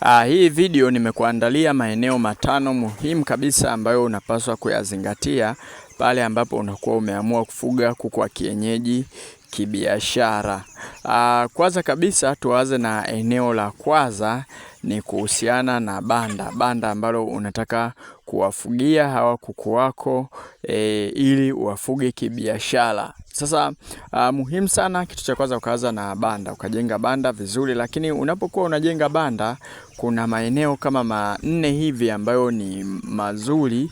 Ah, hii video nimekuandalia maeneo matano muhimu kabisa ambayo unapaswa kuyazingatia pale ambapo unakuwa umeamua kufuga kuku wa kienyeji kibiashara. Ah, kwanza kabisa tuanze na eneo la kwanza ni kuhusiana na banda, banda ambalo unataka kuwafugia hawa kuku wako e, ili uwafuge kibiashara. Sasa uh, muhimu sana kitu cha kwanza ukaanza na banda, ukajenga banda vizuri, lakini unapokuwa unajenga banda kuna maeneo kama manne hivi ambayo ni mazuri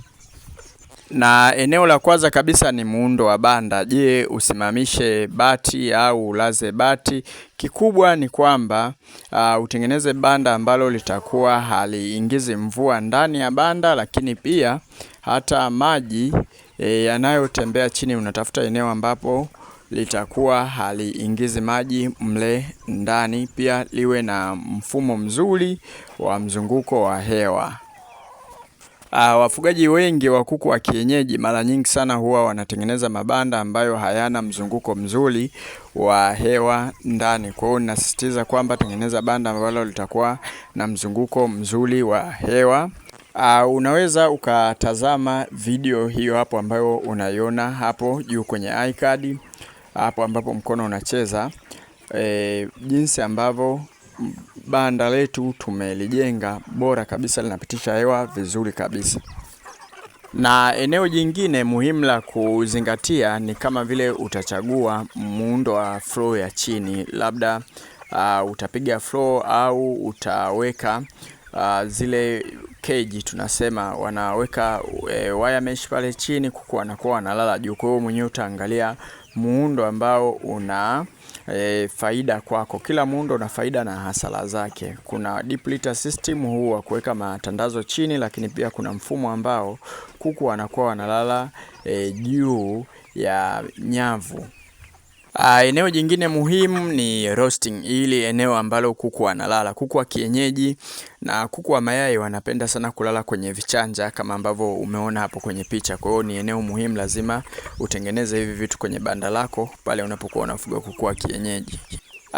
na eneo la kwanza kabisa ni muundo wa banda. Je, usimamishe bati au ulaze bati? Kikubwa ni kwamba uh, utengeneze banda ambalo litakuwa haliingizi mvua ndani ya banda, lakini pia hata maji e, yanayotembea chini, unatafuta eneo ambapo litakuwa haliingizi maji mle ndani, pia liwe na mfumo mzuri wa mzunguko wa hewa. Aa, wafugaji wengi wa kuku wa kienyeji mara nyingi sana huwa wanatengeneza mabanda ambayo hayana mzunguko mzuri wa hewa ndani. Kwa hiyo ninasisitiza kwamba tengeneza banda ambalo litakuwa na mzunguko mzuri wa hewa. Uh, unaweza ukatazama video hiyo hapo ambayo unaiona hapo juu kwenye iCard hapo ambapo mkono unacheza e, jinsi ambavyo banda letu tumelijenga bora kabisa, linapitisha hewa vizuri kabisa. Na eneo jingine muhimu la kuzingatia ni kama vile utachagua muundo wa flow ya chini, labda uh, utapiga flow au utaweka uh, zile keji tunasema wanaweka eh, e, waya mesh pale chini, kuku anakuwa wanalala juu. Kwa hiyo mwenyewe utaangalia muundo ambao una e, faida kwako. Kila muundo una faida na hasara zake. Kuna deep litter system huu wa kuweka matandazo chini, lakini pia kuna mfumo ambao kuku wanakuwa wanalala e, juu ya nyavu. Uh, eneo jingine muhimu ni roasting, ili eneo ambalo kuku wanalala. Kuku wa kienyeji na kuku wa mayai wanapenda sana kulala kwenye vichanja kama ambavyo umeona hapo kwenye picha. Kwa hiyo ni eneo muhimu, lazima utengeneze hivi vitu kwenye banda lako pale unapokuwa unafuga kuku wa kienyeji.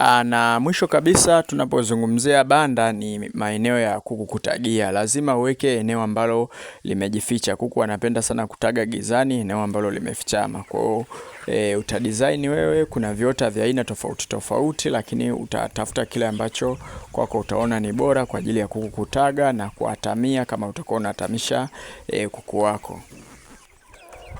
Ah, na mwisho kabisa, tunapozungumzia banda ni maeneo ya kuku kutagia, lazima uweke eneo ambalo limejificha. Kuku anapenda sana kutaga gizani, eneo ambalo limefichama. Kwa hiyo e, utadesign wewe, kuna viota vya aina tofauti tofauti, lakini utatafuta kile ambacho kwako kwa utaona ni bora kwa ajili ya kuku kutaga na kuatamia, kama utakuwa unatamisha e, kuku wako.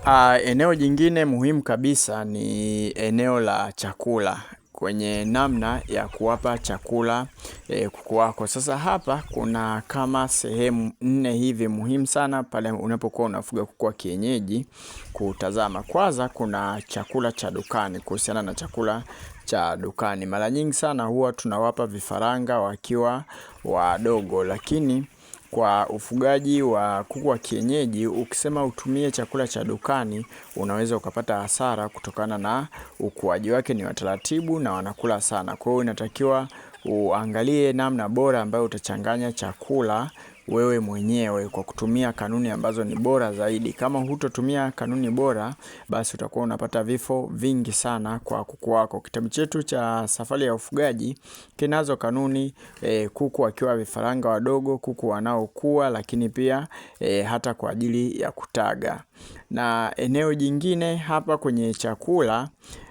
Aa, ah, eneo jingine muhimu kabisa ni eneo la chakula kwenye namna ya kuwapa chakula e, kuku wako. Sasa hapa kuna kama sehemu nne hivi muhimu sana pale unapokuwa unafuga kuku wa kienyeji kutazama. Kwanza kuna chakula cha dukani. Kuhusiana na chakula cha dukani, mara nyingi sana huwa tunawapa vifaranga wakiwa wadogo, lakini kwa ufugaji wa kuku wa kienyeji, ukisema utumie chakula cha dukani, unaweza ukapata hasara kutokana na ukuaji wake ni wa taratibu na wanakula sana. Kwa hiyo inatakiwa uangalie namna bora ambayo utachanganya chakula wewe mwenyewe kwa kutumia kanuni ambazo ni bora zaidi. Kama hutotumia kanuni bora, basi utakuwa unapata vifo vingi sana kwa kuku wako. Kitabu chetu cha Safari ya Ufugaji kinazo kanuni e, kuku akiwa vifaranga wadogo, kuku wanaokua, lakini pia e, hata kwa ajili ya kutaga. Na eneo jingine hapa kwenye chakula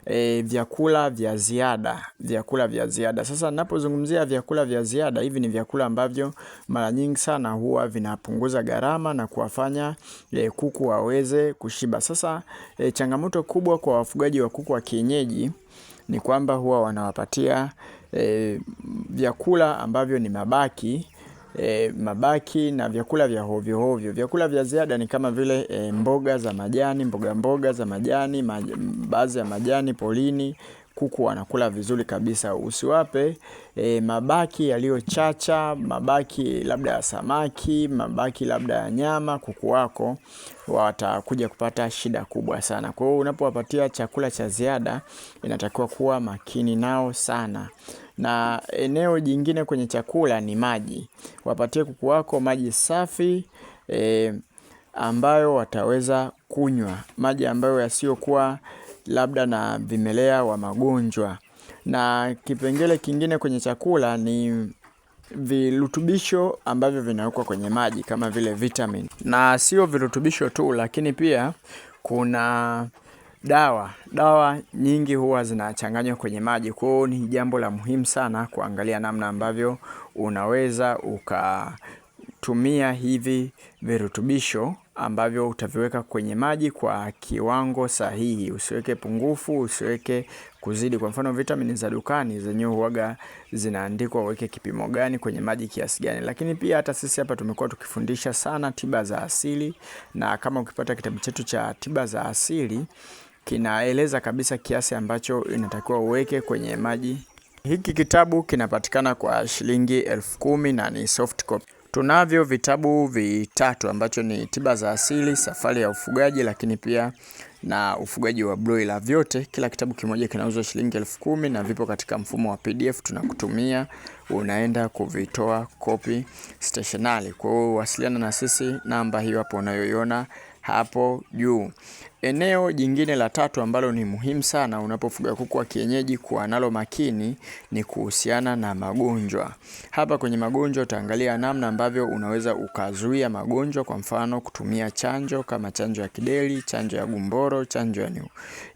e, vyakula vya ziada, vyakula vya ziada. Sasa ninapozungumzia vyakula vya ziada, hivi ni vyakula ambavyo mara nyingi sana huwa vinapunguza gharama na kuwafanya e, kuku waweze kushiba. Sasa e, changamoto kubwa kwa wafugaji wa kuku wa kienyeji ni kwamba huwa wanawapatia e, vyakula ambavyo ni mabaki e, mabaki na vyakula vya hovyo hovyo. Vyakula vya ziada ni kama vile e, mboga za majani, mboga mboga za majani, maj, baadhi ya majani polini. Kuku wanakula vizuri kabisa, usiwape e, mabaki yaliyochacha, mabaki labda ya samaki, mabaki labda ya nyama. Kuku wako watakuja kupata shida kubwa sana. Kwa hiyo unapowapatia chakula cha ziada, inatakiwa kuwa makini nao sana. Na eneo jingine kwenye chakula ni maji. Wapatie kuku wako maji safi e, ambayo wataweza kunywa, maji ambayo yasiyokuwa labda na vimelea wa magonjwa. Na kipengele kingine kwenye chakula ni virutubisho ambavyo vinawekwa kwenye maji kama vile vitamin, na sio virutubisho tu, lakini pia kuna dawa dawa nyingi huwa zinachanganywa kwenye maji. Kwa hiyo ni jambo la muhimu sana kuangalia namna ambavyo unaweza ukatumia hivi virutubisho ambavyo utaviweka kwenye maji kwa kiwango sahihi. Usiweke pungufu, usiweke kuzidi. Kwa mfano, vitamini za dukani zenyewe huwaga zinaandikwa uweke kipimo gani kwenye maji kiasi gani. Lakini pia hata sisi hapa tumekuwa tukifundisha sana tiba za asili, na kama ukipata kitabu chetu cha tiba za asili kinaeleza kabisa kiasi ambacho inatakiwa uweke kwenye maji. Hiki kitabu kinapatikana kwa shilingi elfu kumi na ni soft copy. Tunavyo vitabu vitatu ambacho ni tiba za asili, safari ya ufugaji, lakini pia na ufugaji wa broiler. Vyote kila kitabu kimoja kinauzwa shilingi elfu kumi na vipo katika mfumo wa PDF tunakutumia, unaenda kuvitoa kopi stationary. Kwa hiyo wasiliana na sisi, namba hiyo hapo unayoiona hapo juu. Eneo jingine la tatu ambalo ni muhimu sana unapofuga kuku wa kienyeji kuwa nalo makini ni kuhusiana na magonjwa. Hapa kwenye magonjwa utaangalia namna ambavyo unaweza ukazuia magonjwa, kwa mfano kutumia chanjo kama chanjo ya kideli chanjo ya gumboro, chanjo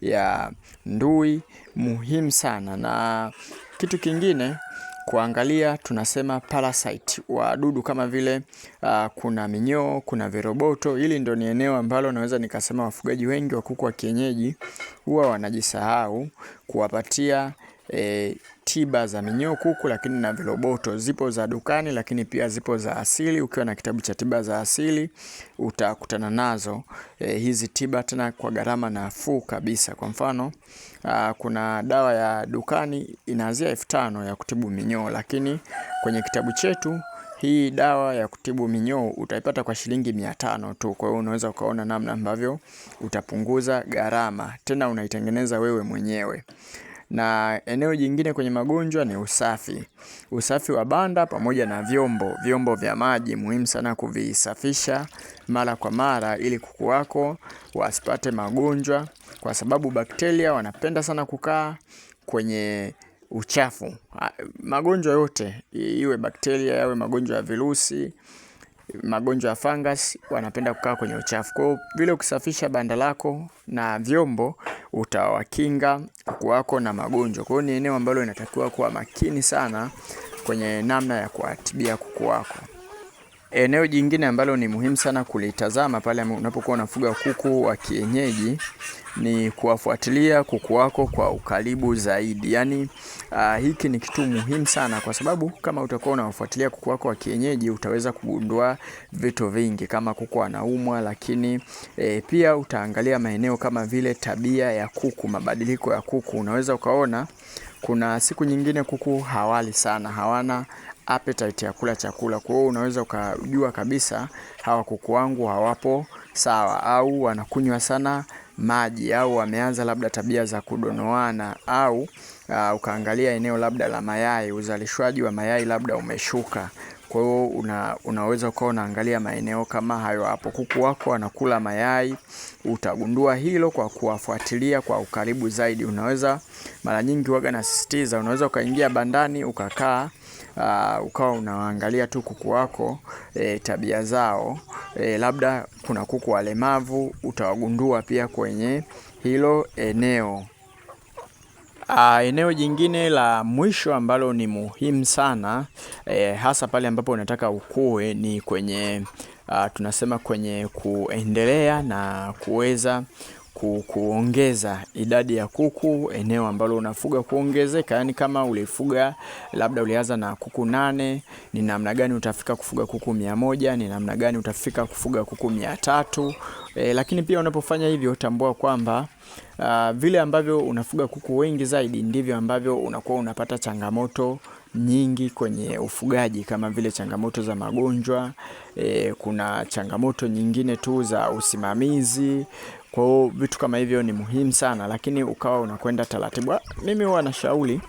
ya ndui, muhimu sana. Na kitu kingine kuangalia tunasema parasite, wadudu kama vile uh, kuna minyoo, kuna viroboto. Hili ndio ni eneo ambalo naweza nikasema wafugaji wengi wa kuku wa kienyeji huwa wanajisahau kuwapatia eh, tiba za minyoo kuku, lakini na viroboto zipo za dukani, lakini pia zipo za asili. Ukiwa na kitabu cha tiba za asili utakutana nazo e, hizi tiba tena kwa gharama nafuu kabisa. Kwa mfano a, kuna dawa ya dukani inaanzia elfu tano ya kutibu minyoo, lakini kwenye kitabu chetu hii dawa ya kutibu minyoo utaipata kwa shilingi mia tano tu. Kwa hiyo unaweza ukaona namna ambavyo utapunguza gharama, tena unaitengeneza wewe mwenyewe. Na eneo jingine kwenye magonjwa ni usafi, usafi wa banda pamoja na vyombo, vyombo vya maji muhimu sana kuvisafisha mara kwa mara, ili kuku wako wasipate magonjwa, kwa sababu bakteria wanapenda sana kukaa kwenye uchafu. Magonjwa yote iwe bakteria, yawe magonjwa ya virusi magonjwa ya fungus wanapenda kukaa kwenye uchafu. Kwa vile ukisafisha banda lako na vyombo utawakinga kuku wako na magonjwa. Kwa hiyo ni eneo ambalo inatakiwa kuwa makini sana kwenye namna ya kuwatibia kuku wako. Eneo jingine ambalo ni muhimu sana kulitazama pale unapokuwa unafuga kuku wa kienyeji ni kuwafuatilia kuku wako kwa ukaribu zaidi. Yaani uh, hiki ni kitu muhimu sana kwa sababu kama utakuwa unawafuatilia kuku wako wa kienyeji utaweza kugundua vitu vingi kama kuku anaumwa, lakini e, pia utaangalia maeneo kama vile tabia ya kuku, mabadiliko ya kuku. Unaweza ukaona kuna siku nyingine kuku hawali sana, hawana appetite ya kula chakula. Kwa hiyo unaweza ukajua kabisa hawa kuku wangu hawapo sawa, au wanakunywa sana maji, au wameanza labda tabia za kudonoana, au uh, ukaangalia eneo labda la mayai, uzalishwaji wa mayai labda umeshuka. Kwa hiyo una, unaweza ukawa unaangalia maeneo kama hayo hapo, kuku wako wanakula mayai. Utagundua hilo kwa kuwafuatilia kwa ukaribu zaidi. Unaweza mara nyingi waga nasisitiza, unaweza ukaingia bandani ukakaa uh, ukawa unaangalia tu kuku wako e, tabia zao e, labda kuna kuku walemavu utawagundua pia kwenye hilo eneo. Uh, eneo jingine la mwisho ambalo ni muhimu sana e, hasa pale ambapo unataka ukue ni kwenye uh, tunasema kwenye kuendelea na kuweza ku, kuongeza idadi ya kuku, eneo ambalo unafuga kuongezeka. Yani kama ulifuga labda ulianza na kuku nane, ni namna gani utafika kufuga kuku mia moja? Ni namna gani utafika kufuga kuku mia tatu? E, lakini pia unapofanya hivyo tambua kwamba uh, vile ambavyo unafuga kuku wengi zaidi ndivyo ambavyo unakuwa unapata changamoto nyingi kwenye ufugaji kama vile changamoto za magonjwa e, kuna changamoto nyingine tu za usimamizi. Kwa hiyo vitu kama hivyo ni muhimu sana, lakini ukawa unakwenda taratibu. Mimi huwa nashauri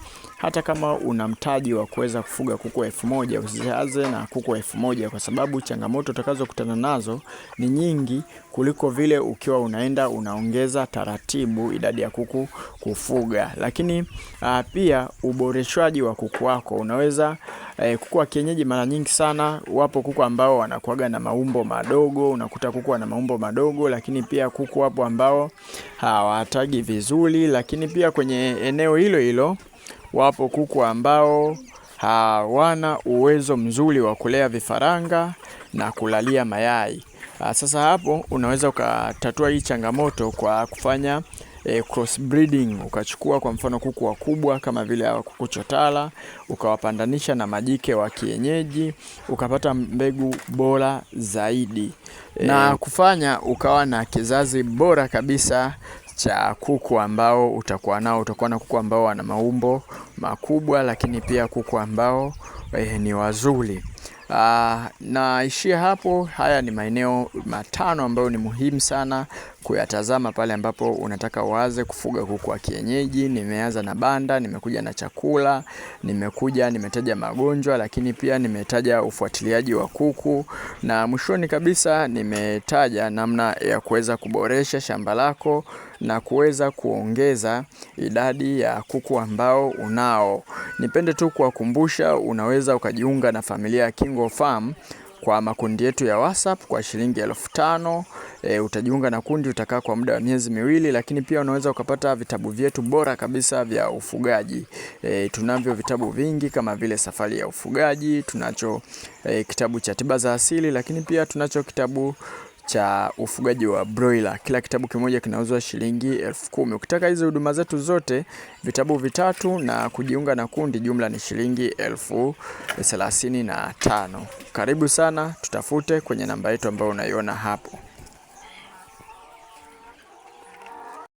hata kama una mtaji wa kuweza kufuga kuku elfu moja usianze na kuku elfu moja kwa sababu changamoto utakazokutana nazo ni nyingi kuliko vile ukiwa unaenda unaongeza taratibu idadi ya kuku kufuga. Lakini uh, pia uboreshwaji wa kuku wako unaweza uh, kuku wa kienyeji mara nyingi sana wapo kuku ambao wanakuaga na maumbo madogo, unakuta kuku ana maumbo madogo, lakini pia kuku wapo ambao hawatagi vizuri, lakini pia kwenye eneo hilo hilo Wapo kuku ambao hawana uwezo mzuri wa kulea vifaranga na kulalia mayai. Ah, sasa hapo unaweza ukatatua hii changamoto kwa kufanya E, eh, breeding, ukachukua kwa mfano kuku wakubwa kama vile hawa kuku chotara ukawapandanisha na majike wa kienyeji ukapata mbegu bora zaidi e, na eh, kufanya ukawa na kizazi bora kabisa cha kuku ambao utakuwa nao. Utakuwa na kuku ambao wana maumbo makubwa, lakini pia kuku ambao eh, ni wazuri. Uh, naishia hapo. Haya ni maeneo matano ambayo ni muhimu sana kuyatazama pale ambapo unataka uanze kufuga kuku wa kienyeji. Nimeanza na banda, nimekuja na chakula, nimekuja nimetaja magonjwa, lakini pia nimetaja ufuatiliaji wa kuku, na mwishoni kabisa nimetaja namna ya kuweza kuboresha shamba lako na kuweza kuongeza idadi ya kuku ambao unao. Nipende tu kuwakumbusha, unaweza ukajiunga na familia ya Kingo Farm kwa makundi yetu ya WhatsApp kwa shilingi elfu tano. E, utajiunga na kundi, utakaa kwa muda wa miezi miwili, lakini pia unaweza ukapata vitabu vyetu bora kabisa vya ufugaji. E, tunavyo vitabu vingi kama vile Safari ya Ufugaji, tunacho e, kitabu cha Tiba za Asili, lakini pia tunacho kitabu cha ufugaji wa broiler. Kila kitabu kimoja kinauzwa shilingi elfu kumi. Ukitaka hizi huduma zetu zote, vitabu vitatu na kujiunga na kundi, jumla ni shilingi elfu thelathini na tano. Karibu sana, tutafute kwenye namba yetu ambayo unaiona hapo.